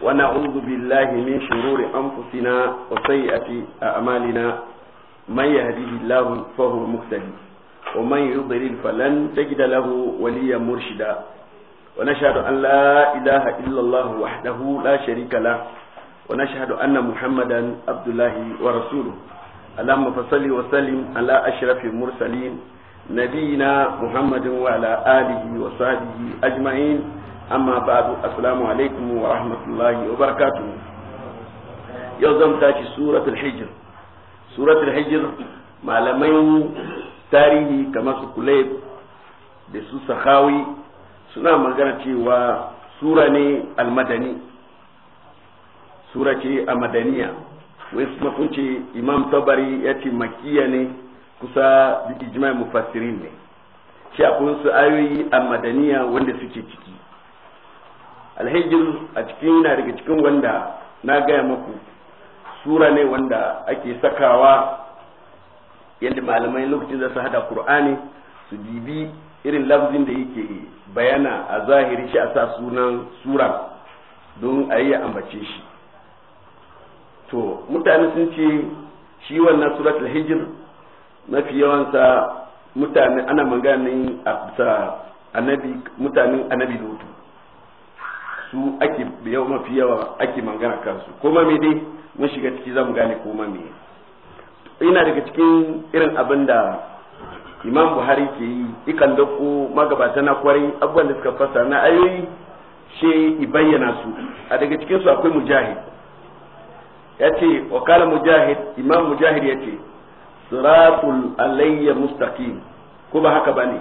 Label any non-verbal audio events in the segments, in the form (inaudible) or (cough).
ونعوذ بالله من شرور أنفسنا وسيئة أعمالنا من يهديه الله فهو المهتدي ومن يضلل فلن تجد له وليا مرشدا ونشهد أن لا إله إلا الله وحده لا شريك له ونشهد أن محمدا عبد الله ورسوله اللهم فصل وسلم على أشرف المرسلين نبينا محمد وعلى آله وصحبه أجمعين أما بعد wa عليكم ورحمة الله yau zan تاتي سورة الحجر سورة الحجر malamai tarihi kamar su kuleb da su sahawi suna magana cewa sura ne almadani sura ce a madaniya wai kuma imam tabari ya ce ne kusa da ijma'i mufassirin ne shi akwai su ayoyi a madaniya wanda suke ciki alhijir a cikin yana daga cikin wanda na gaya muku sura ne wanda ake sakawa yadda malamai lokacin da su hada qur'ani su dibi irin lafzin da yake bayana a zahiri shi a sa sunan sura don a yi ambace shi to mutane sun ce shi wannan suratul hijr mafi yawansa mutane ana maganin a annabi mutanen annabi lutu su ake yau mafi yawa ake magana kansu koma me dai mun shiga ciki zamu gane koma me ina daga cikin irin abin da imam buhari ke yi ikan dauko magabata na kwarai abubuwan da suka fasa na ayoyi she i bayyana su a daga cikin su akwai mujahid ya ce wakala mujahid imam mujahid ya ce siratul alayya mustaqim ko ba haka bane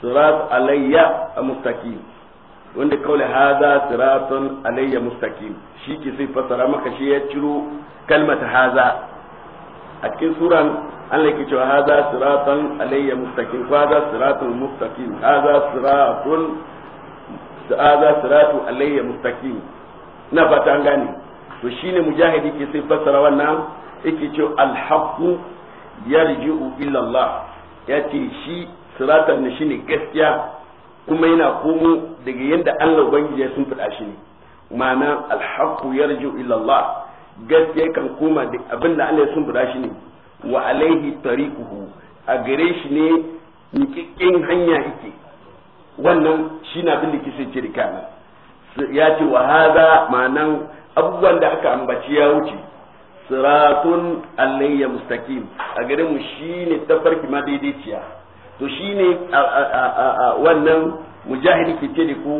sirat alayya mustaqim wanda kawai haza siratun alayya mustaqim shi ke sai fasara maka shi ya ciro kalmata haza a cikin suran an yake cewa haza siratun alayya mustaqim ko haza siratul mustaqim haza siratun haza siratu alayya mustaqim na fata an gane to shine mujahidi ke sai fasara wannan yake cewa alhaqu yarji'u illa Allah yace shi siratan ne shine gaskiya kuma yana komo daga yadda Allah ubangiji ya sun fada shi ne ma'ana alhaqu yarji'u illa Allah gaskiya kan koma da abinda Allah ya sun fada shi ne wa alaihi tariquhu a gare shi ne nikikin hanya yake wannan shi na bin da kisa ce da kana ya ce wa hada ma'anan abubuwan da aka ambaci ya wuce siratun alayya mustaqim a gare mu shine tafarki ma daidaiciya to shine wannan mujahidi ke ce da ku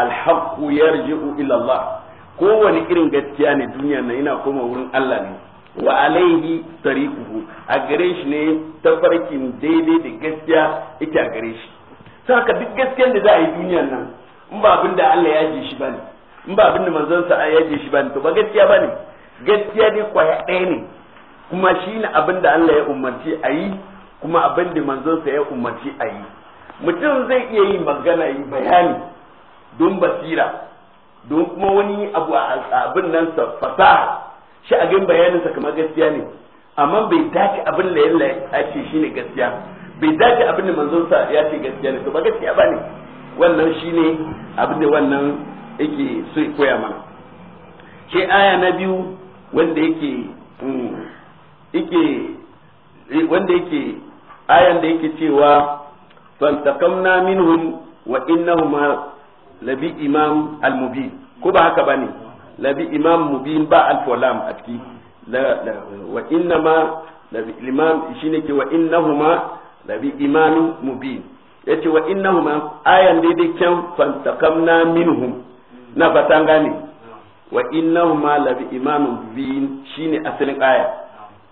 alhaqqu yarji'u ila Allah kowane irin gaskiya ne duniya na yana koma wurin Allah ne wa alaihi tariquhu a gare shi ne tafarkin daidai da gaskiya yake a gare shi saka duk gaskiyar da za a yi duniyan nan in ba abin da Allah ya ji shi bane in ba abin da manzon sa ya ji shi bane to ba gaskiya bane gaskiya ne kwaya ɗaya ne kuma shi ne abin da Allah ya umarci a yi kuma abin da manzonsa ya umarci a yi mutum zai iya yi magana yi bayani don basira don kuma wani abu a abin nan sa fasaha shi a gan sa kamar gaskiya ne amma bai dace abin da yalla ya ce shi ne gaskiya bai dace abin da manzonsa ya ce gaskiya ne to ba gaskiya ba ne wannan shi ne abin da wannan yake so koya mana shi aya na biyu wanda yake mm, yake wanda yake ayan da yake cewa fantakamna minhum wa innahum labi imam al-mubin ko ba haka bane labi imam mubin ba alfolam a ciki wa innama labi imam shi ne ke wa innahuma labi imam mubin yace wa innahuma ayan daidai kyan fantakamna minhum na fatan gane wa innahu ma la bi imamin bin shine asalin aya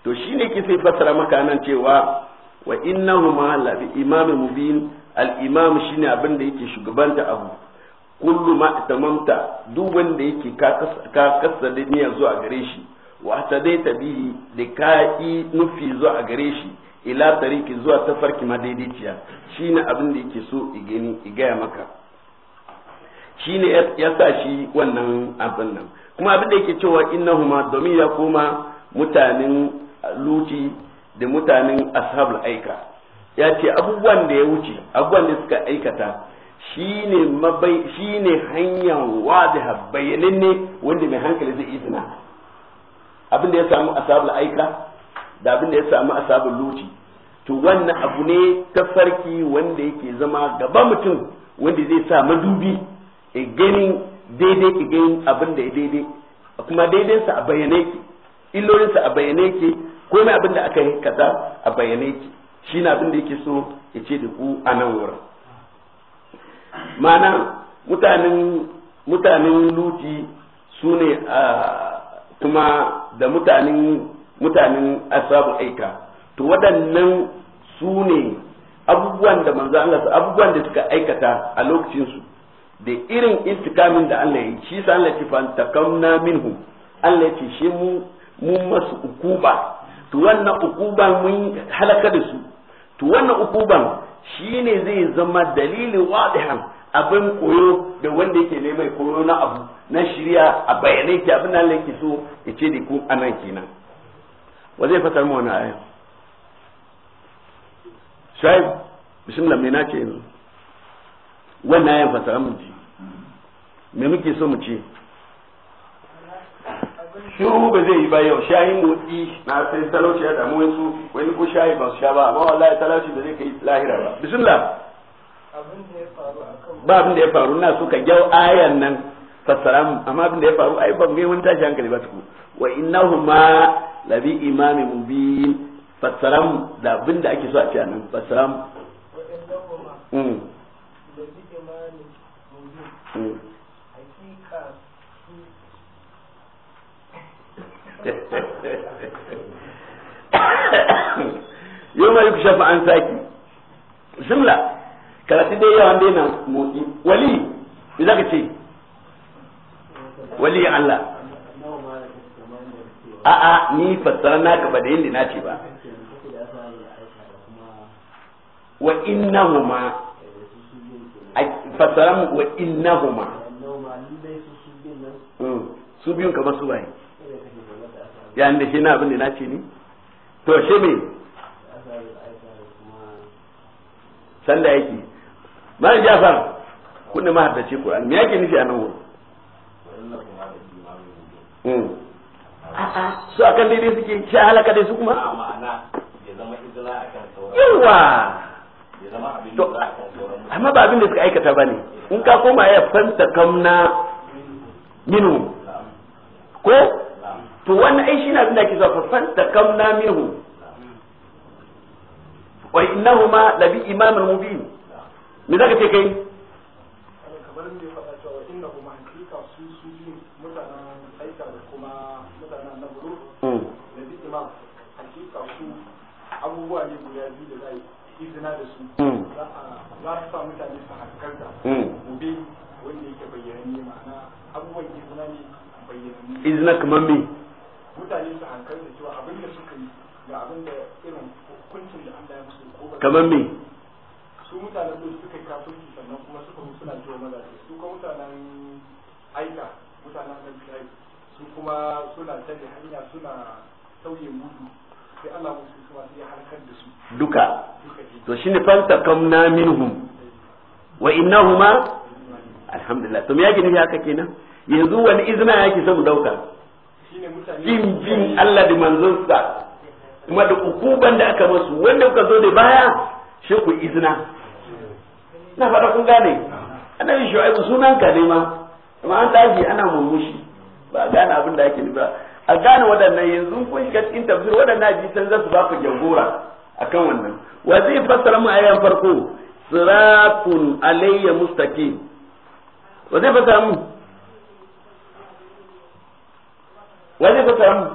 to shine ke sai fassara maka nan cewa wa innahu ma la bi imamin bin al imam shine abin da yake shugabanta abu kullu ma tamamta duk wanda yake ka kasa da niyya zuwa gare shi wa tadaita bihi da kai nufi zuwa gare shi ila tariki zuwa tafarki madaidaiciya shine abin da yake so i gaya maka shi ne ya sa shi wannan abin nan kuma abin da yake cewa innahuma domin ya koma mutanen luti da mutanen ashabul aika ya ce abubuwan da ya wuce abubuwan da suka aikata shi ne hanyar bayanin ne wanda mai hankali zai izina abin da ya samu ashabul aika da abin da ya samu ashabul luti to wannan abu ne ta farki wanda yake zama gaba mutum wanda zai sa madubi e gani daidai ki gani abin da ya daidai kuma daidai sa a bayyane ki illolin sa a bayyane ki mai abin da aka yi kaza a bayyane ki shi na abin da yake so ya ce da ku a nan wurin ma'ana mutanen mutanen luti su ne kuma da mutanen mutanen asabu aika to waɗannan su ne abubuwan da manzo Allah abubuwan da suka aikata a lokacin su da irin intikamin da Allah ya yi shi sa Allah ya ce takamna minhu Allah ya ce shi mu mun masu ukuba to wannan ukuban mun halaka da su to wannan ukuban shine zai zama dalilin wadihan abin koyo da wanda yake neman koyo na abu na shirya a bayanai ke abin da Allah yake so ya ce da ku anan kenan wa zai fatar mu wannan aya shaib bismillah me na ce yanzu wannan ya fata mu ji me muke so mu ce shiru ba zai yi ba yau shayi motsi na sai talauci ya damu wasu wani ko shayi ba su sha ba amma wallahi talauci da zai kai lahira ba bismillah ba abin da ya faru na ka gyau ayan nan fassara mu amma abin da ya faru ai ban ga wani tashi hankali ba tuku wa innahuma labi imami mubin fassara mu da abin da ake so a ce nan fassara mu mm. Hmm. yau ma yi shafa an saki karatu dai yawan dai motsi wali ka ce wali Allah a'a ni fassara ba da yin fassara wa innahuma mm. su biyun kamar su waye yayin da shi na abin da na ce ni to shi me sanda yake ma mara jafar kunne ma haddace Qur'an me yake nufi a nan wurin mm. su akan daidai suke shi halaka dai su kuma yawa to amma ba abin da suka aikata ba ne in ka koma ya fanta kam na minu ko to wannan ai shi na abin da ake zuwa fanta kam na minhu wa innahuma labi imamul mubin me zaka ce kai abubuwa ne guda biyu izina da su hmm. za a sa mutane su hankalta hmm. gobe wanda yake bayyana ne ma'ana abubuwan izina ne bayyana izina kamar me mutane su hankalta cewa abin da suka yi ga abin da irin hukuncin da Allah ya musu ko kamar me su mutanen su suka yi kafirci sannan kuma suka musu na cewa mazaje su kuma mutanen aika mutanen nan su kuma suna tare hanya suna sauye mudu duka to shine fanta kamna minhum wa innahuma alhamdulillah to me yake nufi haka kenan yanzu wani izina yake son dauka bin bin Allah da manzonsa kuma da ukuban da aka masu wanda kuka zo da baya shi ku izina na fara kun gane yin shu'aibu sunan ka ne ma amma an tashi ana mumushi. ba gane abin da ake nufi ba a gane waɗannan yanzu kun shiga cikin tafsir waɗannan hadisan za su ba ku jagora akan wannan wa zai fassara mu ayan farko siratun alayya mustaqim wa zai fassara mu wa zai fassara mu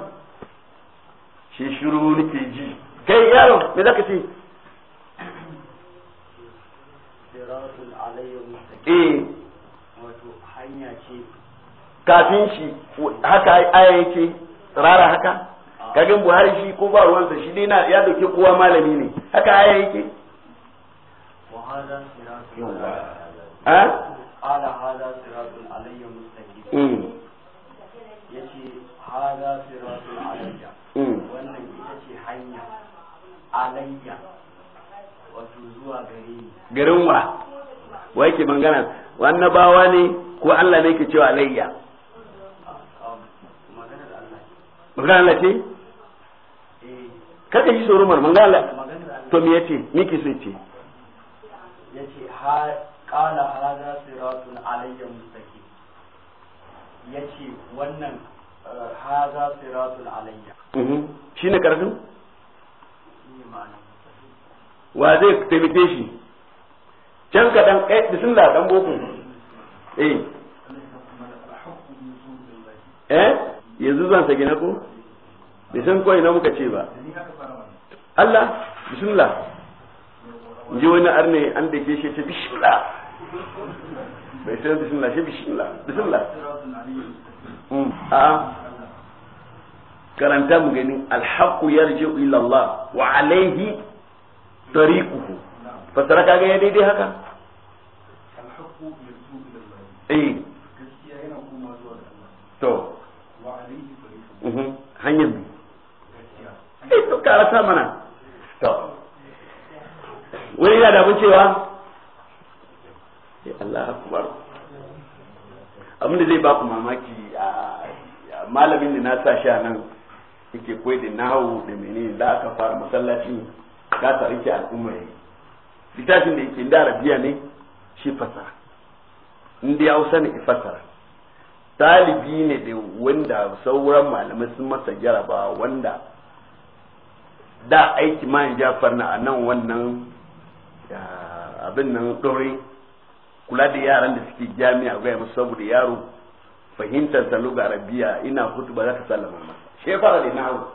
shi shiru nake ji kai yaro me zaka ce siratun alayya mustaqim eh wato hanya ce kafin shi haka ayan ce. tsirara haka kagan buhari shi ko ba ruwansa shi dai na ya dauke kowa malami ne haka aya yake ha eh? hada siratun alayya mustaqim hmm. yace hada siratun alayya hmm. wannan ita ce hanya alayya wato zuwa gari ni garin wa wa yake mangana Wannan bawa ne ko Allah ne yake cewa alayya magana Allah ce eh. kada yi tsoro mar magana to me yace miki sun ce. ya ce ha qala hada siratun alayya mustaqim yace wannan eh, mhm. karfin wa zai taimake shi can ka dan kai eh, bismillah ɗan boko eh yanzu zan sake na ko bai san kawai na muka ce ba Allah bismillah in ji wani arne an da ke shi ta bismillah bai san bismillah shi bismillah bismillah mm, a karanta mu gani alhaqu yarji ila Allah wa alayhi tariquhu fasara kaga ya daidai haka alhaqu yarji ila Allah eh gaskiya yana kuma zuwa Allah to wa alayhi tariquhu mm-hmm. hanyar sai to mana to wani yana da cewa Allah akbar abin da zai ba ku mamaki a malamin da na sa shi a nan yake koyi da nahu da menene da aka fara masallaci ka ta rike al'umma littafin da yake da arabiya ne shi fasara in dai hausa ne fasara talibi ne da wanda sauran malamai sun masa jaraba wanda da aiki man jafar na a nan wannan abin nan ɗore kula da yaran da suke jami'a gaya musu saboda yaro fahimtar sa lugar arabiya ina hutuba za ta sallama masa shi ya fara da nawo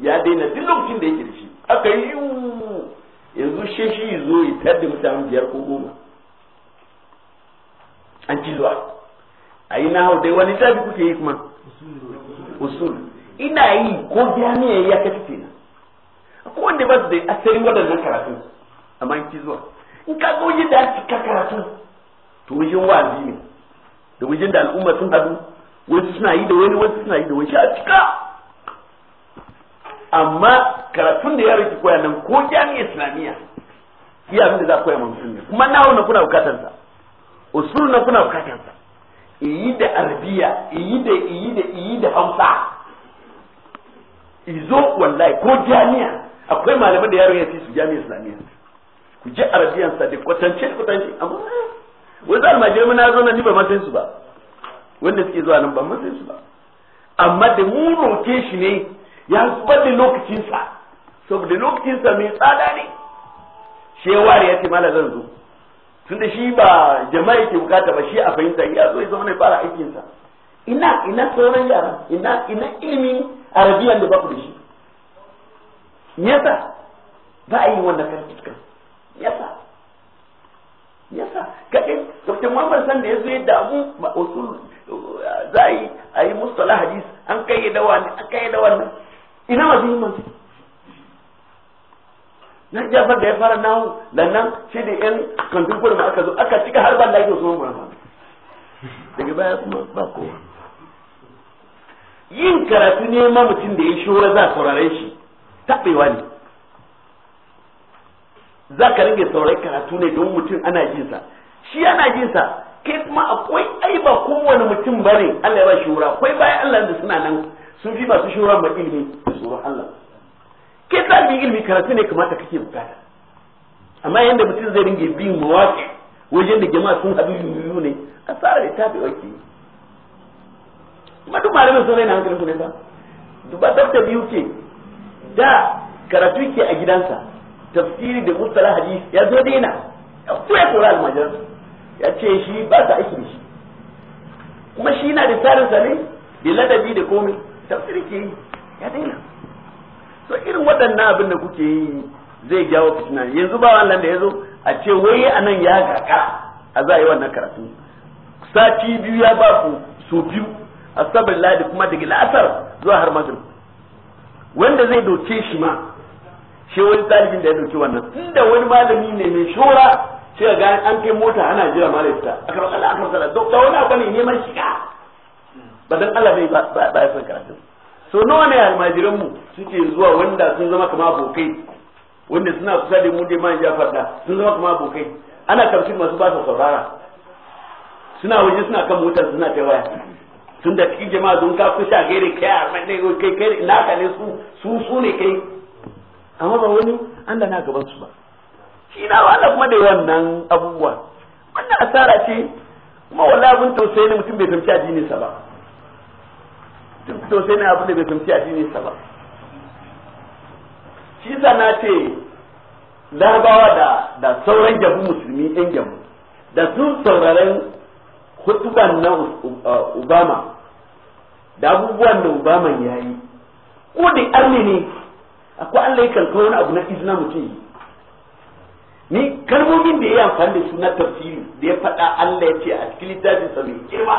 ya daina duk lokacin da yake da shi aka yi yanzu shi shi zo ya tadda mutane biyar ko goma an ci zuwa a yi nawo dai wani tafi kuke yi kuma usul ina yi ko jami'a ya kafi na ko wanda ba su da asalin waɗannan karatu amma in zuwa in ka zo yi da ka karatu to wajen wa'azi ne da wajen da al'umma sun hadu wasu suna yi da wani wasu suna yi da wani a cika amma karatun da ya ki koya nan ko jami'a islamiyya iya abin da za a koya mutum kuma na na kuna bukatar sa usul na kuna bukatar sa iyi e da arabiya iyi e da iyi e da iyi da hausa izo wallahi ko jami'a akwai malaman da yaron ya ci su jami'a islamiyya ku ji arabiyan sa da kwatance kwatance amma wai za mu na zo nan ni ba san su ba wanda suke zuwa nan ba san su ba amma da mu roke shi ne ya zubar da lokacin sa saboda lokacin sa mai tsada ne shi ya ya ce mala zan zo tunda shi ba jama'a yake bukata ba shi a fahimta ya zo ya zama ne fara aikin sa ina ina sauran yara ina ina ilimin arabiyan da ba ku da shi yasa ba a yi wanda kan iskan yasa yasa kake dr muhammad san da zo ya damu ba wasu za a yi a yi mustala hadis an kai dawa ne an kai dawa ne ina ma muhimman na jafar da ya fara nahu nan shi da yan kantin kurma aka zo aka cika har ban lafiya sunan kurma daga baya kuma ba kowa yin karatu ne ma mutum da ya shura za a saurare shi taɓewa ne za ka ringe saurai karatu ne don mutum ana jinsa shi ana jinsa kai kuma akwai aiba ba kowane mutum ba ne Allah ya ba shura akwai bayan Allah da suna nan sun fi masu shura ma ilimi da tsoron Allah kai bi ilimi karatu ne kamata kake bukata amma yadda mutum zai ringe bin mawaƙi wajen da jama'a sun haɗu yuyu ne a tsara da tafi wake kuma duk malamin sun na hankali su ne ba duba dabta biyu ce da karatu ke a gidansa tafsiri da mustala hadis ya zo daina ya koya kora almajiran ya ce shi ba ta aiki da shi kuma shi na da tsarin sa ne da ladabi da komai tafsiri ke yi ya daina So irin waɗannan abin da kuke yi zai jawo fitina yanzu ba wannan da ya zo a ce wai a nan ya gaka a za a yi wannan karatu sati biyu ya ba ku su biyu asabar ladi kuma daga la'asar zuwa har magrib wanda zai doke shi ma shi wani talibin da ya doke wannan inda wani malami ne mai shora sai ga an kai mota ana jira malami a karɓar Allah akar Allah da wani abu ne neman shiga ba dan Allah bai ba ya san karatu so nawa ne almajiran mu suke zuwa wanda sun zama kama abokai wanda suna kusa da mu dai man ya da sun zama kama abokai ana tafsir masu ba su saurara suna waje suna kan motar suna kai waya tun da cikin jama'a don ka kusa gaire kai a mai kai kai naka ne su su su ne kai amma ba wani an da na gaban su ba shi na wala kuma da wannan abubuwa wannan asara ce kuma wallahi abin tausayi ne mutum bai fahimci addinin sa ba tausayi ne abin da bai fahimci addinin sa ba shi sa na ce larabawa da da sauran jabu musulmi yan jabu da sun sauraren hutuban na uh, Obama da abubuwan da Obama ya yi ko da arni ne akwai Allah ya kalkar wani abu na izina mutum yi ni kalmomin da ya yi amfani da su na tafsiri da ya faɗa Allah ya ce a cikin littafin sa mai girma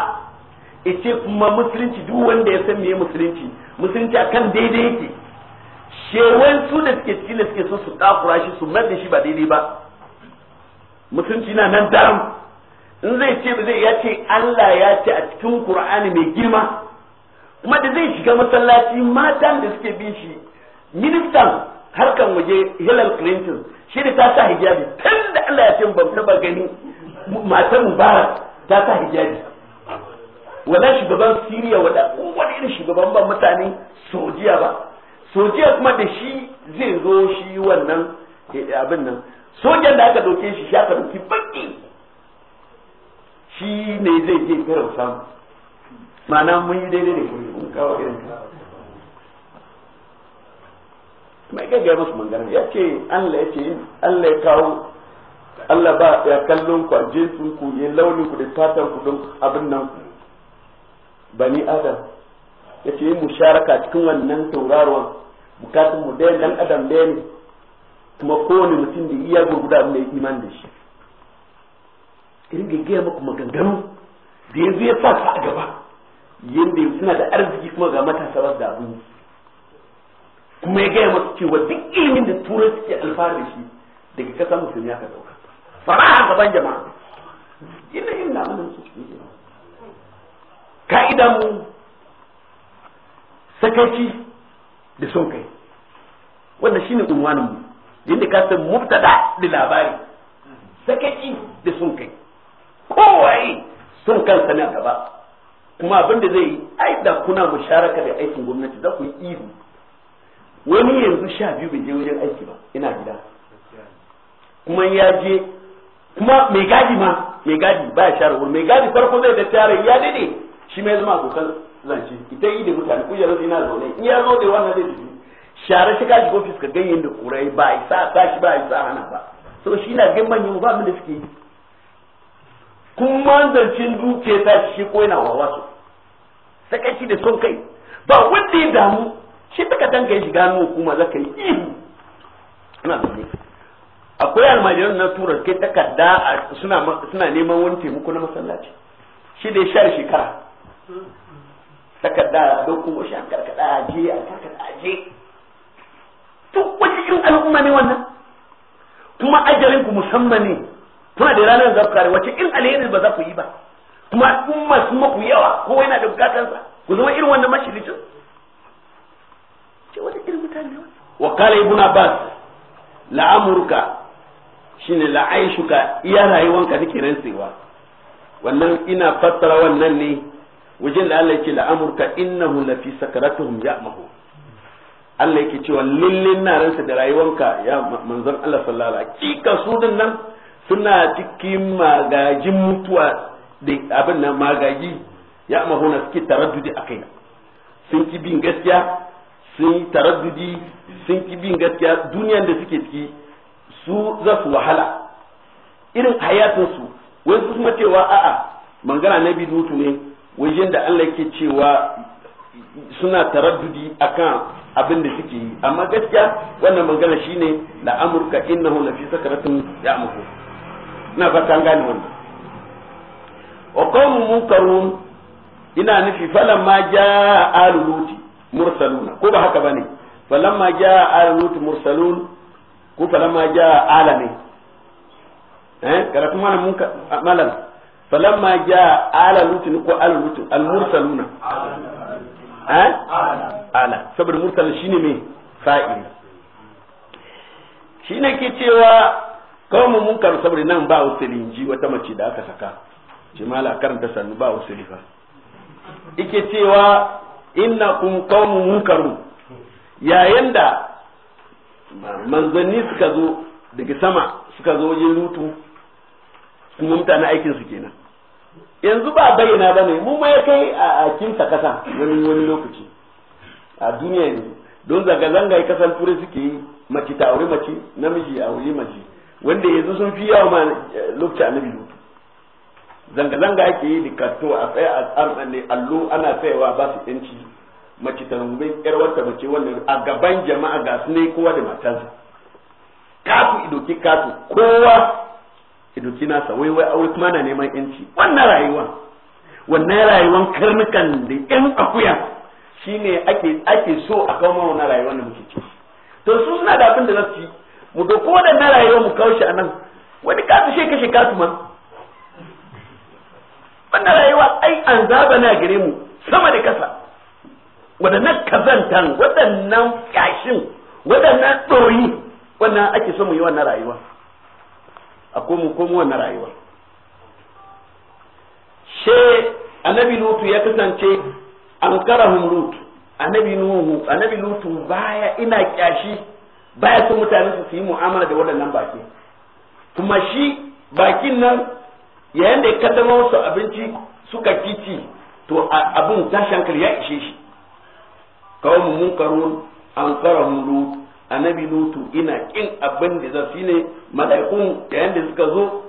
ya ce kuma musulunci duk wanda ya san me musulunci musulunci akan daidai yake shewan su da suke cikin da suke so su takura shi su mar da shi ba daidai ba musulunci na nan daram in zai ce zai ya ce Allah ya ce a cikin Qur'ani mai girma kuma da zai shiga masallaci matan da suke bin shi ministan harkan waje Hillary Clinton shi ne ta sa hijabi tun da Allah ya ce ban taba gani matar Mubarak ta sa hijabi wannan shugaban Syria wanda kowane irin shugaban ban mutane sojiya ba sojiya kuma da shi zai zo shi wannan eh, abin nan sojan da aka doke shi shi aka doki baki shi ne zai je kira samu mana mun yi daidai da kuri mun kawo irin ka mai gaggai masu mangana ya ce Allah ya ce Allah ya kawo Allah ba ya kallon ku a ku ya launin ku da fatan ku don abin nan ku bani adam ya ce mu sharaka cikin wannan tauraruwan bukatun mu ɗaya dan adam ɗaya ne kuma kowane mutum da iya gurguda abin da iman da shi ringa gaya maku maganganu da yanzu ya sa a gaba yadda suna da arziki kuma ga matasa ba da abin kuma ya gaya masu cewa duk ilimin da turai suke alfahari shi daga kasa musulmi aka dauka fara a gaban jama'a ina yin na wannan su cikin ka'ida mu sakaci da son kai wanda shine unwanin mu yadda ka san mubtada da labari sakaci da son kai kowaye sun kansa ne a gaba kuma abin da zai yi ai da kuna musharaka da aikin gwamnati za ku yi ihu wani yanzu sha biyu bai je wajen aiki ba ina gida kuma ya je kuma mai gadi ma mai gadi ba ya share wurin mai gadi farko zai da tare ya dade shi mai zama abokan zance idan yi da mutane ku yanzu ina zaune in ya zo da wannan zai tafi share shi kaji ofis ka ganyen da kurai ba isa sa shi ba isa hana ba so shi na gan manyan ba mun da suke yi kuma zancen duke ta shi ko yana wawa su sakaci da son kai ba wanda ya damu shi daga danga ya shiga hannun hukuma za ka yi ihu ina ne akwai almajiran na tura kai takarda suna neman wani taimako na masallaci shi da ya share shekara takarda a dokun wasu an karkada a je a karkada a je to wani irin al'umma ne wannan kuma ajalin ku musamman ne kuna da ranar za ku kare wace in alheri ba za ku yi ba kuma umma kuma maku yawa kowa yana da bukatansa ku zama irin wannan mashilicin ce wata irin mutane wa kala ibn abbas la'amurka shine la'aishuka iya rayuwanka da kiran sewa wannan ina fassara wannan ne wajen da Allah yake la'amurka innahu lafi sakaratuhum ya'mahu Allah yake cewa lillin na ransa da rayuwanka ya manzon Allah sallallahu alaihi wasallam kika su din nan suna cikin magajin mutuwa da abin nan magagi ya mahuna suke taraddudi a kai sun ki bin gaskiya sun yi taraddudi sun ki bin gaskiya duniyan da suke ciki su za su wahala irin hayatinsu wai su kuma cewa a'a mangana na mutu ne wai da Allah yake cewa suna taraddudi akan abin da suke yi amma gaskiya wannan magana shine la amurka innahu lafi ya ya'muhu na fatan gane wannan wa qawmun munkarun ina nufi falan ma jaa alu luti mursaluna ko ba haka bane falan ma jaa alu luti mursalun ko falan ma jaa alame eh karatu malam mun malam falan ma jaa ala luti ko alu luti al mursaluna eh ala saboda mursal shine me fa'il shine ke cewa kawai mun karu saboda nan ba usuli ji wata mace da aka saka ce mala karanta sannu ba usuli fa ike cewa inna kun kawai mun karu yayin da manzanni suka zo daga sama suka zo wajen lutu kuma mutane aikin su kenan yanzu ba bayyana ba ne mun ya kai a kinta kasa wani wani lokaci a duniya yanzu don zanga-zanga ya kasan turai suke yi mace ta aure mace namiji a aure mace wanda yanzu sun fi yawa ma eh, lokacin annabi lutu zanga-zanga ake yi da kato a tsaye a tsarin ne allo ana tsayawa ba su yanci mace ta rungume yar wata mace wannan a gaban jama'a ga su ne kowa da matarsa katu idoki katu kowa idoki nasa wai wai aure kuma na neman yanci wannan rayuwa wannan rayuwan karnukan da yan akuya shine ake ake so a kawo mana wannan rayuwar da muke ciki to su suna da abin da za su yi mu doko waɗannan rayuwa mu kawo shi a nan wani kasu shi kashe kasu ma wannan rayuwa ai an zaba na gare mu sama da kasa waɗannan kazantan waɗannan kashin waɗannan ɗoyi wannan ake so mu yi wannan rayuwa a komo komo wannan rayuwa she annabi lutu ya kasance an karahum lutu annabi nuhu annabi lutu baya ina kyashi baya so mutane su yi mu'amala da waɗannan baki kuma shi bakin nan yayin da ya kaddama wasu abinci suka kici to abin ta hankali ya ishe shi kawo mu munkarun an tsara lut annabi lutu ina kin abin da za su ne mala'ikun yayin da suka zo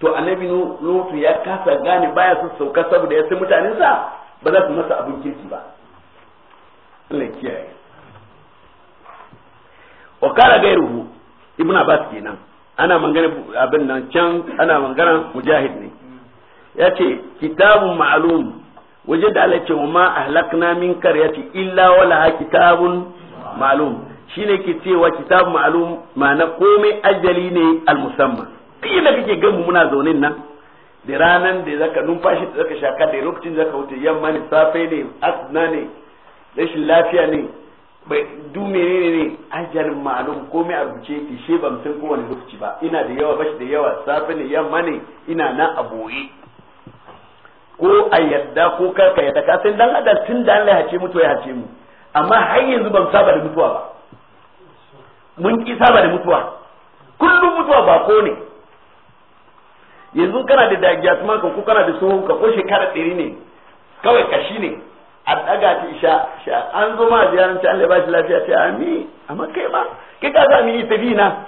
to annabi lutu ya kasa gane baya su sauka saboda ya sai mutanensa ba za su masa abin kirki ba Allah kiyaye wa kala gairuhu ibn abbas kenan ana magana abin nan can ana magana mujahid ne ya ce kitabun ma'lum waje da Allah ce ma ahlakna min qaryati illa wala kitabun ma'lum shine ke cewa kitabun ma'lum ma'ana komai ajali ne al musamman kila kake ganmu muna zaune nan da ranan da zaka numfashi da zaka shaka da lokacin da zaka wuce yamma ne safe ne asna ne rashin lafiya ne du menene ne ajal malum komai a rubuce ki she ban san kowane lokaci ba ina da yawa bashi da yawa safe ne yamma ne ina na a boye ko a yadda ko karka yadda ka san dan adam tun da Allah ya hace to ya ce mu amma har yanzu ban saba da mutuwa ba mun ki saba da mutuwa kullum mutuwa ba ko ne yanzu kana da dagiya kuma ko kana da sohon ka ko shekara ɗari ne kawai kashi ne a daga ta isha sha an zo ma ziyarar ta Allah ba shi lafiya ta ami amma kai ba ke ka za mu yi tafi na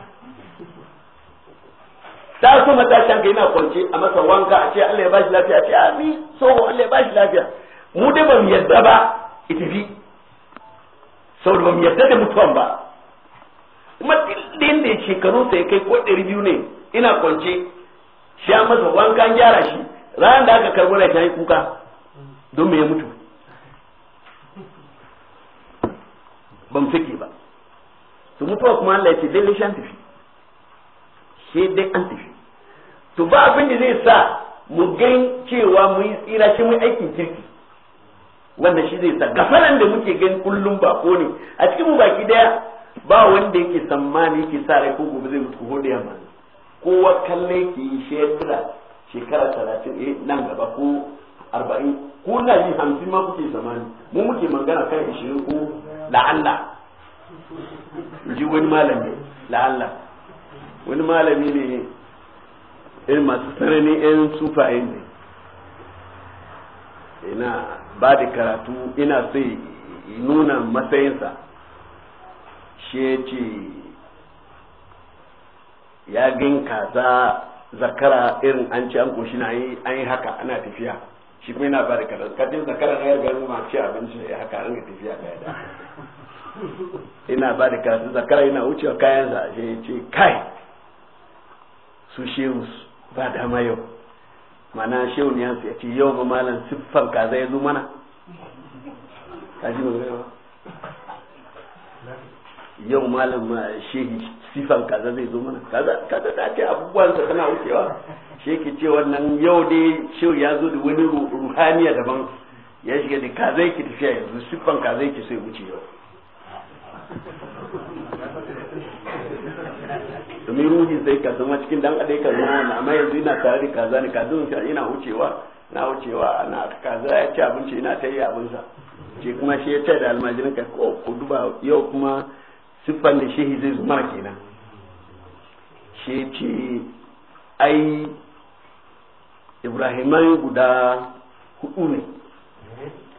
ta so matashin kai na kwance a masa wanka a ce Allah ya ba shi lafiya ta ami so Allah ya ba shi lafiya mu dai ba mu yadda ba itifi saboda ba mu yadda da mutuwan ba kuma dindin da shekaru sai kai ko ɗari biyu ne ina kwance sha masa wanka gyara shi ran da aka karbo na shi kuka don me ya mutu ban fake ba su mutuwa kuma Allah ya ce dai lishan tafi shi dai an tafi to ba abin da zai sa mu gan cewa mu yi tsira shi mu aikin kirki wanda shi zai sa gafaran da muke gan kullum ba ko ne a cikin mu baki daya ba wanda yake tsammani yake sa rai ko gobe zai mutu ko da yamma kowa kalle ke yi shekara shekara talatin eh, nan gaba ko arba'in ko na ji hamsin ma kuke zamani mu muke magana kai ashirin ko la'alla ji wani malami la'alla wani malami ne irin masu sarani yan sufaye ne ina ba da karatu ina sai nuna matsayinsa shi ya ce ya ginka za zakara irin an ci an koshi na an yi haka ana tafiya shi kuma yana bada kaza ka jin zakara ya riga mu ma ci abinci ya haka ringa tafiya da ya ina ba da karatu zakara yana wucewa kayan sa sai ce kai su shehu ba dama yau mana shehu ne ya ce yau ba malam siffan kaza ya zo mana kaji ba yau malam shehi sifan kaza zai zo mana kaza kaza ta ce abubuwan sa tana wucewa shehi ce wannan yau dai shehu ya zo da wani ruhaniya daban ya shiga da kaza yake tafiya yanzu sifan kaza yake so ya wuce yau domin ruhi sai ka zama cikin dan adai ka zama wannan amma yanzu ina tare da kaza ne kaza ina wucewa na wucewa na kaza ya ci abinci ina ta yi abinsa ce kuma shi ya ce da almajirin ka ko ku duba yau kuma siffan da shehi zai zuma kenan shi ce ai ibrahimai guda hudu ne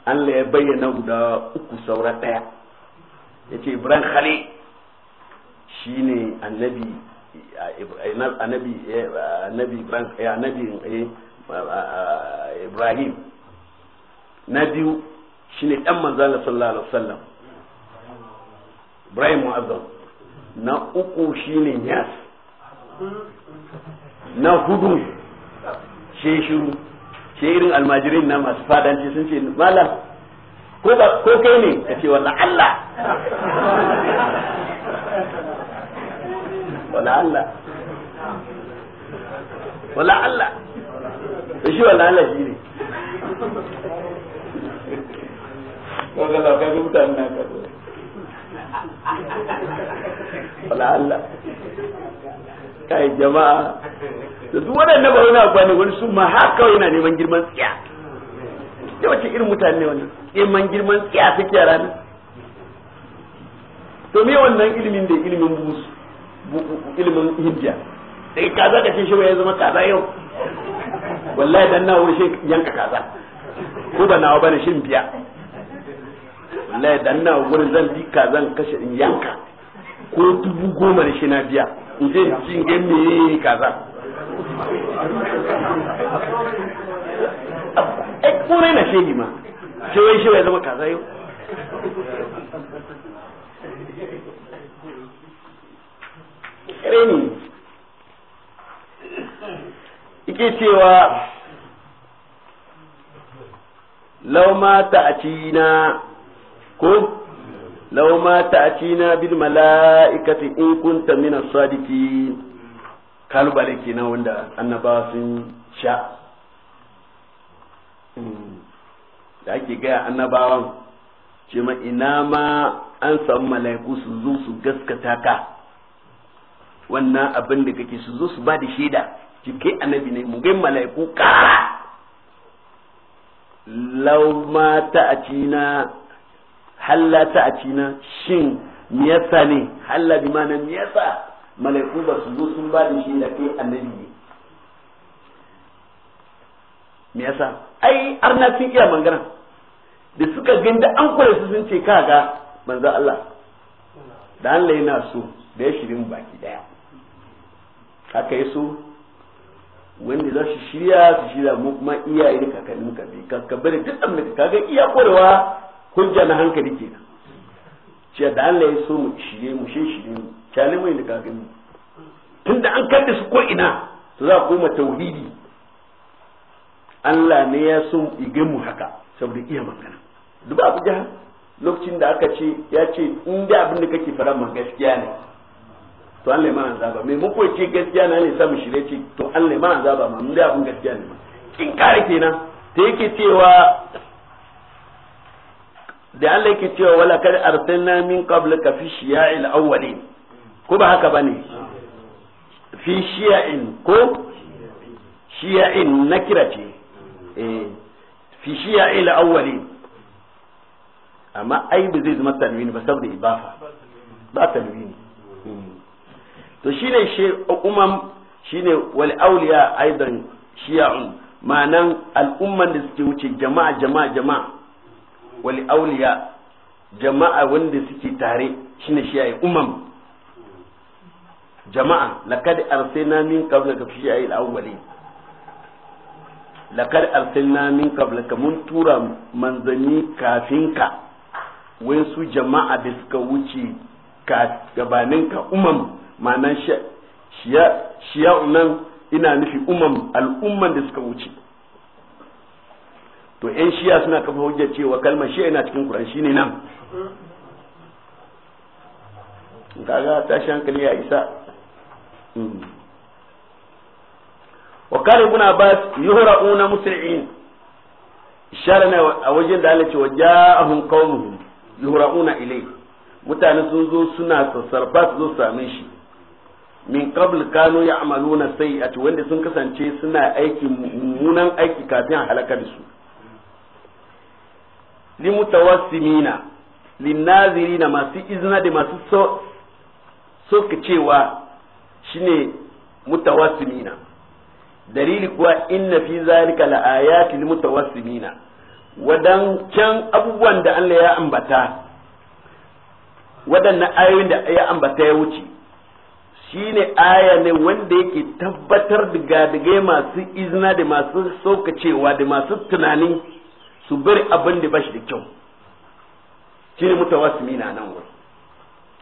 allah ya bayyana guda uku saura daya ya ce ibrahim khali shi ne annabi annabi eh, eh, eh, ibrahim na biyu shi ne ɗan manzana sallallahu alaihi wasallam ibrahim mu'azzam na uku shine yas na hudu she shiru she irin almajirin na masu fadanci sun ce malam ko ba ko kai ne ka ce (laughs) wala Allah wala Allah wala Allah shi wala Allah shi ne ko ga ka mutane na ka wala Allah kai jama'a da duk waɗannan ba wani abu ne wani sun ma haka yana neman girman tsiya da wace irin mutane wannan neman girman tsiya take yara ne to me wannan ilimin da ilimin bus ilimin hijja sai kaza da shi ya zama kaza yau wallahi dan na wurin shi yanka kaza ko ba nawa bane shin biya wallahi dan na wani zan bi zan kashe in yanka ko dubu goma ne shi na biya in je in ga me kaza ai kore na shi ma wai shi ya zama kaza yau reni ike cewa lauma ta a ko law ma ta'tina bil mala'ikati in kunta min as-sadiqin kalubale kenan wanda annabawa sun sha da ake gaya annabawan ce ma ina ma an samu mala'iku su zo su gaskata ka wannan abin da kake su zo su ba da shaida ki kai annabi ne mu gain mala'iku kara law ma ta'tina hallata a cina shin miyasa ne halla bi mana miyasa yasa malaiku ba su zo sun ba da shi da kai annabi ne miyasa ai arna sun iya mangana da suka ganda an kula su sun ce kaga manzo Allah da Allah yana so da ya shirin baki daya haka yi wanda za su shirya su shirya mu kuma iyaye da kakannin ka bi ka duk abin kaga iya korewa hujja na hankali kenan ce da Allah ya so mu shirye mu shi shirye mu kyale mai daga gani tunda an kada su ko ina to za ku koma tauhidi Allah ne ya so ige mu haka saboda iya magana duba abu jihar lokacin da aka ce ya ce in da abin da kake fara man gaskiya ne to Allah ma zaba me mu ce gaskiya na ne samu shirye ce to Allah ma azaba ma mun da abin gaskiya ne ma kin kare kenan ta yake cewa da Allah yake cewa wala kad arsalna min qablika fi shiya'il awwalin ko ba haka bane fi shiya'in ko shiya'in nakira ce eh fi shiya'il awwalin amma ai ba zai zama tanwini ba saboda ibafa ba tanwini hmm. to shine shi umam shine wal awliya aidan shiya'un ma'anan al'umman da suke wuce jama'a jama'a jama'a wali auliya jama'a wanda suke tare shine shi yayi umam jama'a laqad arsalna min qablaka fi shi'il awwalin laqad arsalna min qablaka mun tura manzanni kafin ka wai su jama'a da suka wuce ka gabanin ka umam ma'anan shiya shiya nan ina nufi umam al'umman da suka wuce to yan shiya suna kafa hujjar cewa kalmar shiya yana cikin Qur'an shine nan kaga shi hankali ya isa wa kare ibn abbas yuhra'una musri'in ishara ne a wajen da Allah ce wa ja'ahum qaumuhum yuhra'una ilay mutane sun zo suna sassarfa su zo same shi min qabl kanu ya'maluna sayyi'ati wanda sun kasance suna aiki munan aiki kafin halaka da su limutawassimina linnazirina masu izina da masu so soka cewa shine mutawassimina dalili kuwa inna fi zalika laayatil mutawassimina wadancan abubuwan da Allah ya ambata wadannan ayoyin da ya ambata ya wuce shine aya ne wanda yake tabbatar da gadagai masu izina da masu sokacewa da masu tunani su bari abin da ba shi da kyau shi ne su mina nan wuri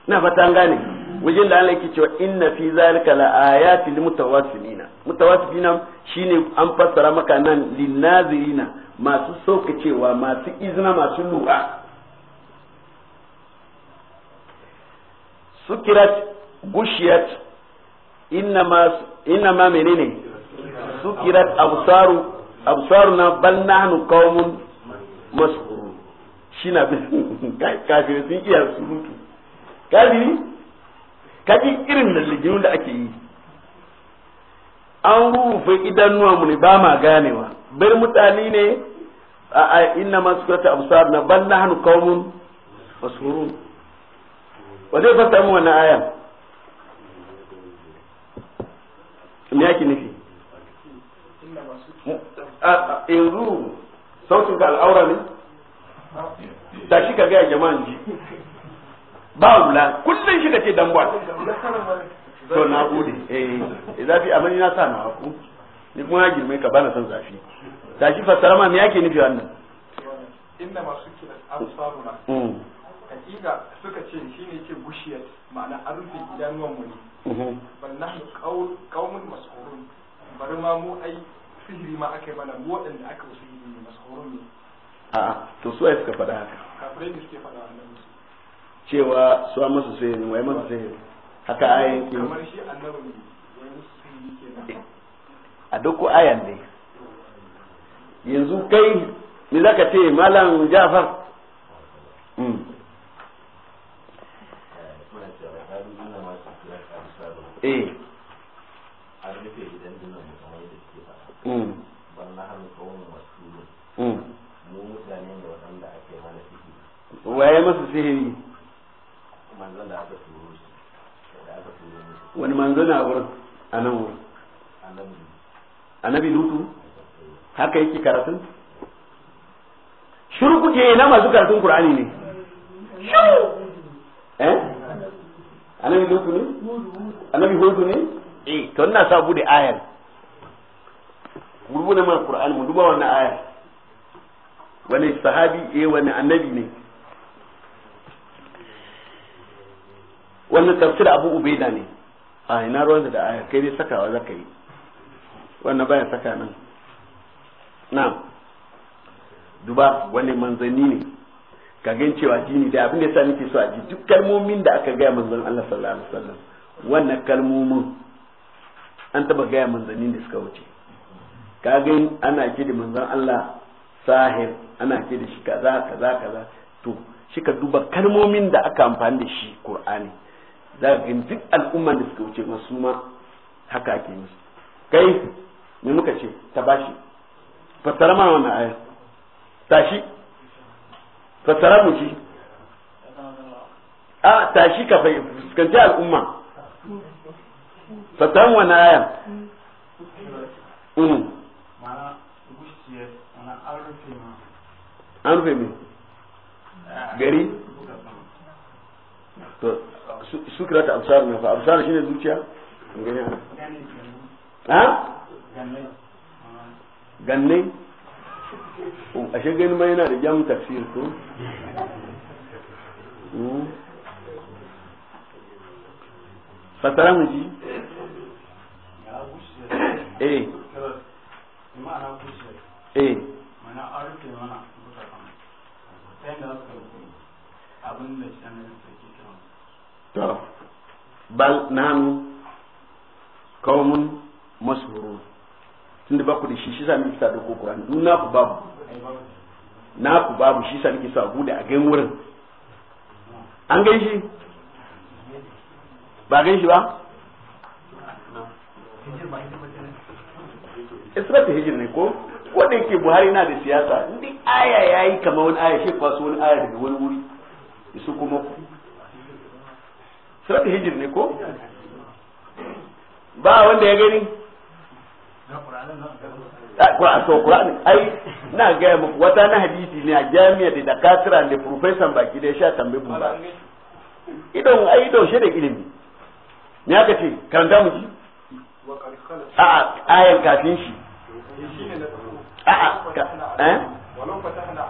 na fata an gane wajen da Allah yake cewa inna fi zalika la ayati lil mutawassimina mutawassimina shine an fassara maka nan lin nazirina masu cewa masu izina masu lura sukirat gushiyat inna ma inna ma menene sukirat absaru absaruna bal nahnu qaumun masuru shi na (laughs) kafin sun iya mutu kafiri kaji irin lalligiyun da ake yi an rufe idanuwa mu ne ba ma ganewa bar mutane ne a inna masu kwata absar na ban na hannu kawun masurun ba zai fasa mu wannan ayan me yake nufi yanzu sautin ka al'aura ne shi ka gaya jama'an ji ba wula kullum shi ka ce dan buwan to na gode eh, eh zafi amma ni na sa na haku ni kuma ya girme ka bana san zafi shi fassara ma me yake nufi wannan inna masu kiran mm hakika suka ce ne ce gushiyar ma'ana an rufe idanuwan mu ne mm-hmm. bal nahnu qaumun mas'ulun bari ma mu ai sihiri ma aka ne masu ne a'a to su ai suka faɗa haka ne cewa su a masu sihiri wai masu sihiri haka ayin ke kamar shi annabi wani sihiri a duk ayan ne yanzu kai me zaka ce malam Ja'far hmm. eh Hmm. Hmm. waye masu sihiri wani manzo na wuri a nan wurin annabi lutu haka yake karatun shiru kuke na masu karatun qur'ani ne shiru eh annabi lutu ne annabi hudu ne eh to ina sa bude ayar ku rubuta mana Qur'ani mu duba wannan aya wani sahabi eh wani annabi ne wannan tafsir Abu Ubaida ne a ina ruwan da aya kai ne sakawa zaka yi wannan baya saka nan na'am duba wani manzanni ne ka gan cewa jini da abin da yasa nake so a ji duk kalmomin da aka gaya manzon Allah sallallahu alaihi wasallam wannan kalmomin an taba gaya manzannin da suka wuce kagin ana ce da manzon Allah sahib ana ce da shi kaza kaza kaza to shi ka duba kalmomin da aka amfani da shi Qur'ani za ka duk al'umman da suka wuce masu ma haka ake yi kai me muka ce ta bashi fassara ma wannan aya tashi fassara mu ci a tashi ka fuskanci al'umma fassara wannan aya mm. an rufe me gari to sukira ta absar na fa absar shine zuciya an gani ha ganne ashe gani ma yana da jam tafsir ko hmm? fasara mu ji eh eh bal nanu kaumun masuru tunda ba da shi shi sa muke sa da Qur'ani dun na ku babu na ku babu shi sa muke sa bude a gan wurin an gan shi ba gan shi ba Isra ta hijir ne ko ko da yake Buhari na da siyasa inda aya yayi kamar wani aya shi kwaso wani aya daga wani wuri su kuma ku sai hijir ne ko ba wanda ya gani ah, Qur'an to ai na gaya muku wata na hadisi ne a jami'a da dakatira da professor baki da ya sha tambayi mun ba idon ai idon shi da ilimi me aka ce karanta mu ji a'a ayan kafin shi a'a eh walau fatahna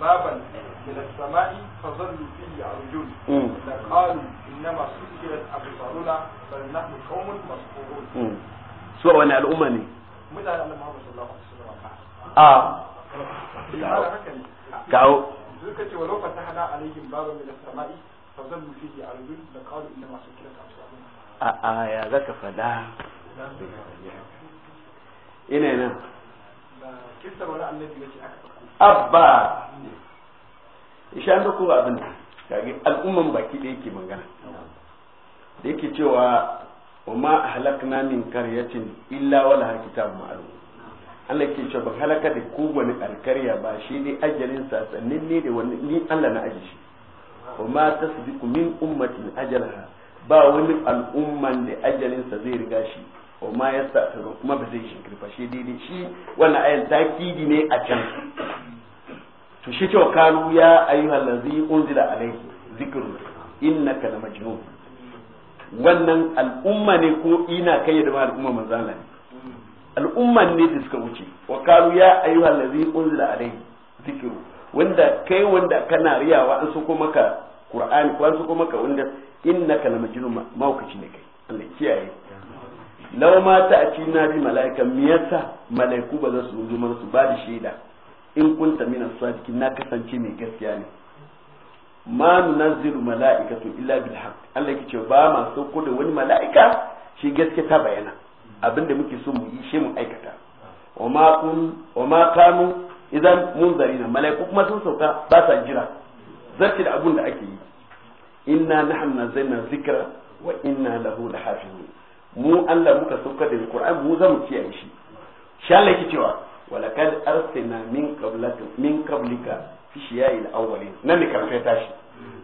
baban min as-sama'i fa fihi hmm. la qalu إنما سكرت أبصارنا بل نحن قوم مسحورون سوى وانا الأمة متى أن محمد صلى الله عليه وسلم آه كاو ذكرت ولو فتحنا عليهم بابا من السماء فظلوا فيه عرضون لقالوا إنما سكرت أبصارنا آه،, آه يا ذاك فلا ina nan abba isha da kowa abin kage al'umman baki da yake magana da yake cewa wa ma halakna min qaryatin illa wala har kitab ma'lum Allah ke cewa ban halaka da kowane alkarya ba shi ne ajalin sa sannin ne da wani ni Allah na aji shi wa ma tasbiqu min ummatin ajalaha ba wani al'umman da ajalin sa zai riga shi wa ma yasta'khiru kuma ba zai shi kirfa shi dai shi wannan ayan takidi ne a can to shi cewa kanu ya ayyuhal ladzi unzila alayhi zikrun innaka la majnun wannan al'umma ne ko ina kai da al'umma manzo ne al'umman ne da suka wuce wa kanu ya ayyuhal ladzi unzila alayhi zikrun wanda kai wanda kana riyawa an suko maka qur'ani ko an suko maka wanda innaka la majnun maukaci ne kai Allah kiyaye law ma ta'tina bi malaika yasa malaiku ba za su zo su ba da shaida in kunta mina sadiki na kasance mai gaskiya ne ma nunazziru mala'ikatu illa bil haqq Allah yake cewa ba ma sauko da wani mala'ika shi gaske ta bayyana. abinda muke so mu yi shi mu aikata wa ma kun wa ma kanu idan munzarina mala'iku kuma sun sauka ba sa jira zarti da abun da ake yi inna nahnu nazzalna zikra wa inna lahu lahafizun mu Allah muka sauka da Qur'an mu zamu kiyaye shi shi Allah yake cewa walakad arsalna min qablaka min qablika fi shiya'il awwalin nan ne karfe tashi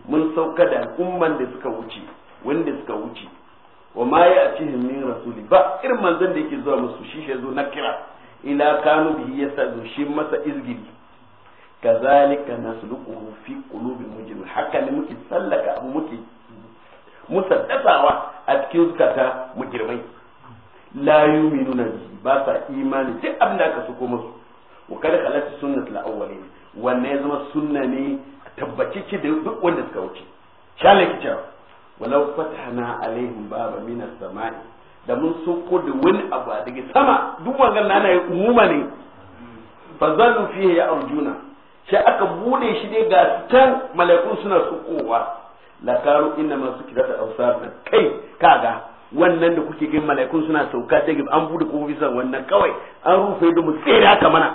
mun sauka da umman da suka wuce wanda suka wuce wa ma ya'tihim min rasuli ba irin manzon da yake zuwa musu shi na kira ila kanu bihi yasadu shi masa izgili kazalika nasluquhu fi qulubi mujrim haka ne muke sallaka abu muke musaddasawa a cikin zukata mujrimai la nuna bihi ba sa imani duk abin da aka suko musu wa kada kalata sunnat al-awwalin wanne ya zama sunna ne tabbaci ce da duk wanda suka wuce shalle ki cewa walau fatahna alaihim baba min as-sama'i da mun suko da wani abu a daga sama duk wannan nana ya umuma ne fa zallu fihi ya arjuna sai aka bude shi dai ga can mala'ikun suna sukowa lakaru inna masu kirata ausar da kai kaga wannan da kuke gani mala'ikun suna sauka sai an bude kofofi sa wannan kawai an rufe da mu tsere haka mana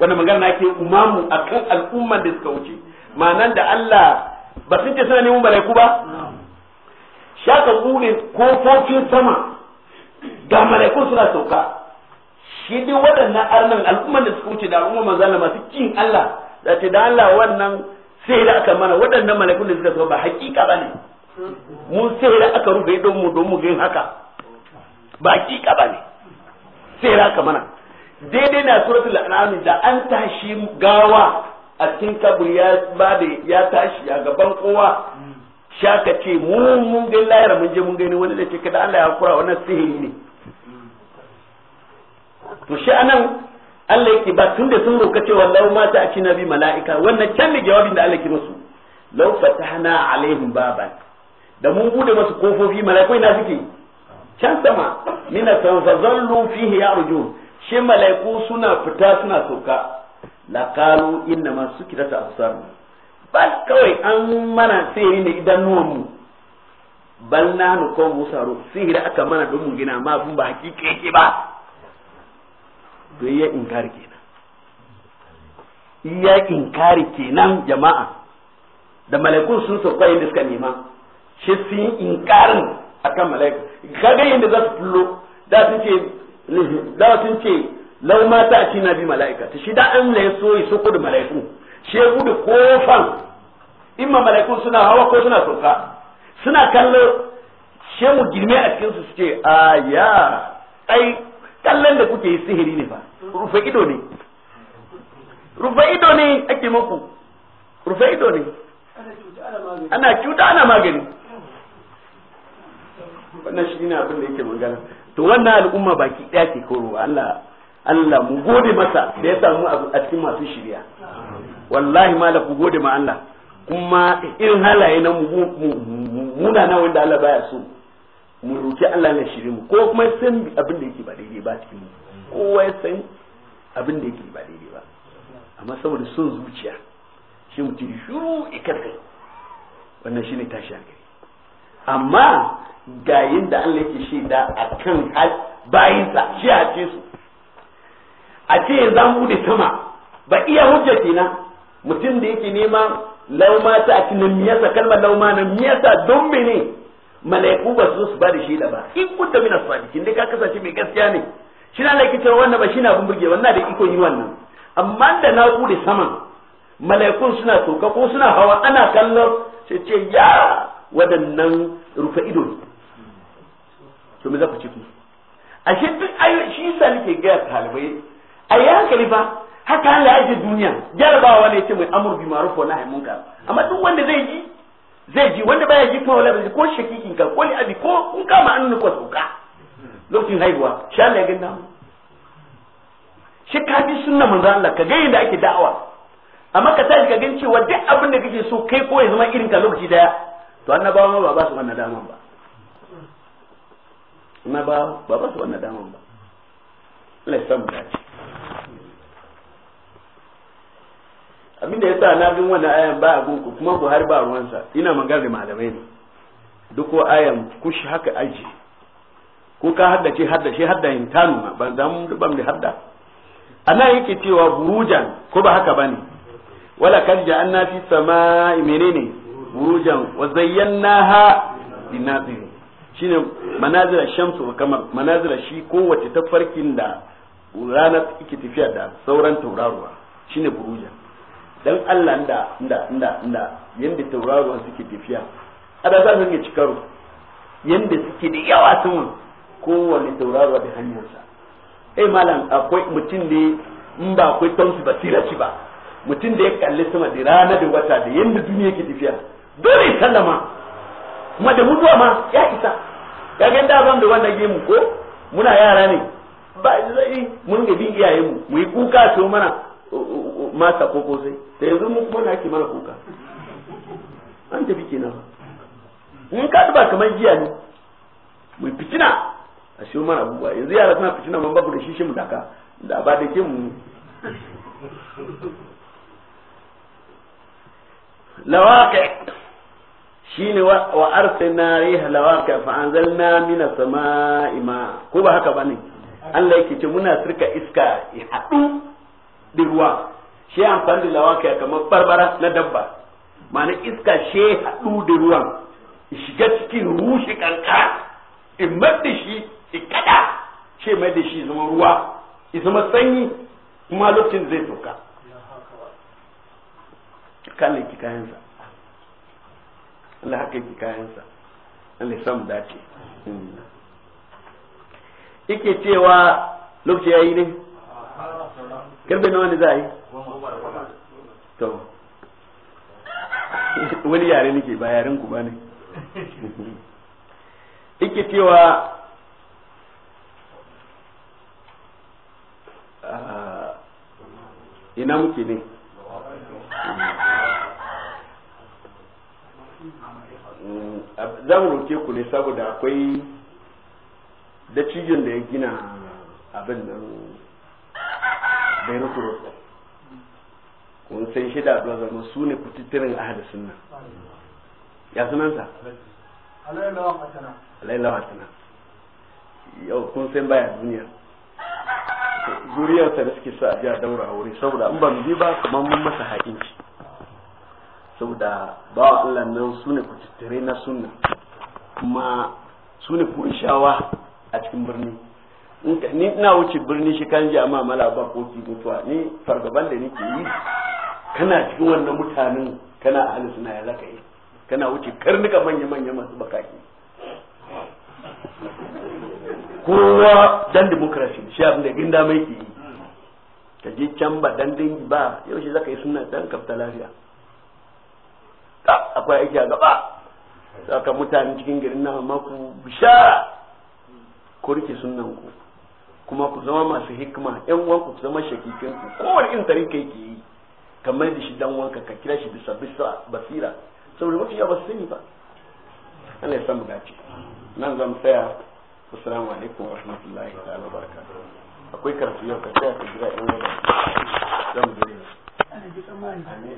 wannan magana na ke umamu akan al'umman da suka wuce ma'anan da Allah ba sun ce suna neman mala'iku ba shaka bude kofofin sama ga mala'ikun suna sauka shi dai waɗannan arnan al'umman da suka wuce da al'umman manzana masu kin Allah da ta da Allah wannan sai da aka mana waɗannan mala'ikun da suka sauka ba hakika ba ne mu tsira aka rufe don mu don mu gan haka ba kika ba ne tsira ka mana daidai na suratul al'am da an tashi gawa a cikin kabur ya ba da ya tashi a gaban kowa shaka ce mun mun ga layar mun je mun gani wani da ke kada Allah ya kura wannan sihiri ne to shi anan Allah yake ba tun da sun roka cewa lau mata a cikin nabi mala'ika wannan can mi jawabin da Allah ke musu lau fatahna alaihim baban da mun bude masu kofofi malaikoi na suke can sama mina tanfazallu fihi rujun shi malaiku suna fita suna sauka la qalu inna ma sukirat absarna bal kawai an mana idan ne nuwan mu bal nahnu qawmu saru sihiri aka mana don mu gina ma bun ba hakika yake ba ya inkari kenan iya inkari kenan jama'a da malaikun sun sauka inda suka nema shi su yi inkarin a kan mala'ika gagayin da za su fullo da sun ce da ta ce na bi mala'ika ta shi da an laye so yi so kudu mala'iku shi ya gudu kofan imma mala'iku suna hawa ko suna sauka suna kallo shi mu girme a cikin su su ce a ya ai kallon da kuke yi sihiri ne fa rufe ido ne rufe ido ne ake muku rufe ido ne ana cuta ana magani wannan shi ne abin da yake magana to wannan al'umma baki daya ke koro Allah Allah mu gode masa da ya samu a cikin masu shirya wallahi mala ku gode ma Allah kuma irin halaye na muna na wanda Allah baya so mu roki Allah na shirye mu ko kuma san abin da yake ba daidai ba cikin mu kowa ya san abin da yake ba daidai ba amma saboda son zuciya shi mutum shuru ikar kai wannan shine tashi amma ga yadda Allah yake shaida a kan bayinsa shi a ce su a ce ya an da sama ba iya hujja kina mutum da yake nema lauma ta a cikin miyasa kalmar lauma na miyasa don mene mala'iku ba su su ba da shaida ba in kunta mina sadiki dai ka kasance mai gaskiya ne shi na laiki cewa wannan ba shi na abin burge wannan da iko yi wannan amma da na bude saman mala'ikun suna toka ko suna hawa ana kallon sai ce ya waɗannan rufe ido ne to me za ku ce ku shi duk ayo shi sa nake ga talibai a yi hankali ba, haka Allah ya duniya jarabawa ne ce mai amur bi ma'ruf wa nahy munkar amma duk wanda zai ji zai ji wanda baya ji kuma wala bai ko shakikin ka ko abi ko kun kama annu ko suka lokacin haihuwa shi Allah ya ganda mu shi ka bi sunna manzo Allah ka ga yadda ake da'awa amma ka tashi ka gan cewa duk abin da kake so kai ko ya zama irin ka lokaci daya to annabawa ma ba ba su wannan daman ba annabawa ba ba su wannan daman ba Allah ya samu dace abin da yasa na gin wannan ayan ba a ku kuma ku har ba sa ina magana da malamai ne duk ko ayan kush haka aji ko ka haddace haddace hadda in tanu ban zamu dubam da hadda ana yake cewa burujan ko ba haka bane wala kan ja'anna fi sama'i menene burujan wa zayyanaha linazir shine manazira shamsu wa kamar manazira shi kowace tafarkin da rana take tafiya da sauran tauraruwa shine burujan dan Allah inda inda inda inda yanda tauraruwa suke tafiya ada za su ga cikaru yanda suke da yawa sun kowane tauraruwa da hanyarsa eh malam akwai mutum ne in ba akwai ba basira ci ba mutum da ya kalli sama da rana da wata da yanda duniya ke tafiya dole sallama kuma da mutuwa ma ya isa ya ga da zan da ke mu ko muna yara ne ba zai mun ga bin iyaye mu mu yi kuka so mana masa koko sai da yanzu mu kuma na mana kuka an tafi kenan in ka ba kamar jiya ne mu fitina a shi mana abubuwa yanzu yara suna fitina man babu da shi shi mu daka da ba da ke mu لواقع shine wa arsalna riha lawaka fa anzalna min samai ma ko ba haka bane Allah yake ce muna sirka iska ya hadu da ruwa shi amfani da lawaka kamar barbara na dabba ma'ana iska she hadu da ruwan shiga cikin rushe kanka in madda shi ki kada she da shi zama ruwa ya zama sanyi kuma lokacin zai sauka kallon ki kayansa Allah haka yake kayansa Allah samu dace yake cewa lokaci yayi ne karbe na wani za a yi to (laughs) wani yare nake ba yaren ku ba ne (laughs) yake cewa ah, ina muke ne za mu roke ku ne saboda akwai cijin da ya gina abin nan bai rukuru kun san shida da zuwa zama su ne kututturin ahal sunna ya sunansa alaila watana yau kun san baya duniya zuriyarsa da suke sa a daura a wuri saboda in ban bi ba kamar mun masa haƙinci saboda ba Allah nan su ne kututtare na sunna kuma su ne shawa a cikin birni ni ina wuce birni shi kan ji amma mala ba ko ki mutuwa ni fargaban da nake yi kana cikin wannan mutanen kana ahli suna ya zaka yi kana wuce karnuka manya manya masu bakaki kowa dan demokrasi shi abin da ginda mai ke yi ka je can ba dan dingi ba yau shi zaka yi suna dan kafta lafiya akwai aiki a gaba saka mutane cikin garin nan amma ku bishara ku rike sunan ku kuma ku zama masu hikima yan uwan ku zama shakikin ku kowane irin tarika yake yi kamar da shi dan wanka ka kira shi bisa bisa basira saboda mafi ba su sani ba Allah ya samu dace nan zan tsaya assalamu alaikum wa rahmatullahi ta'ala barakatuh akwai karatu yau ka tsaya ka jira yan uwan zan gure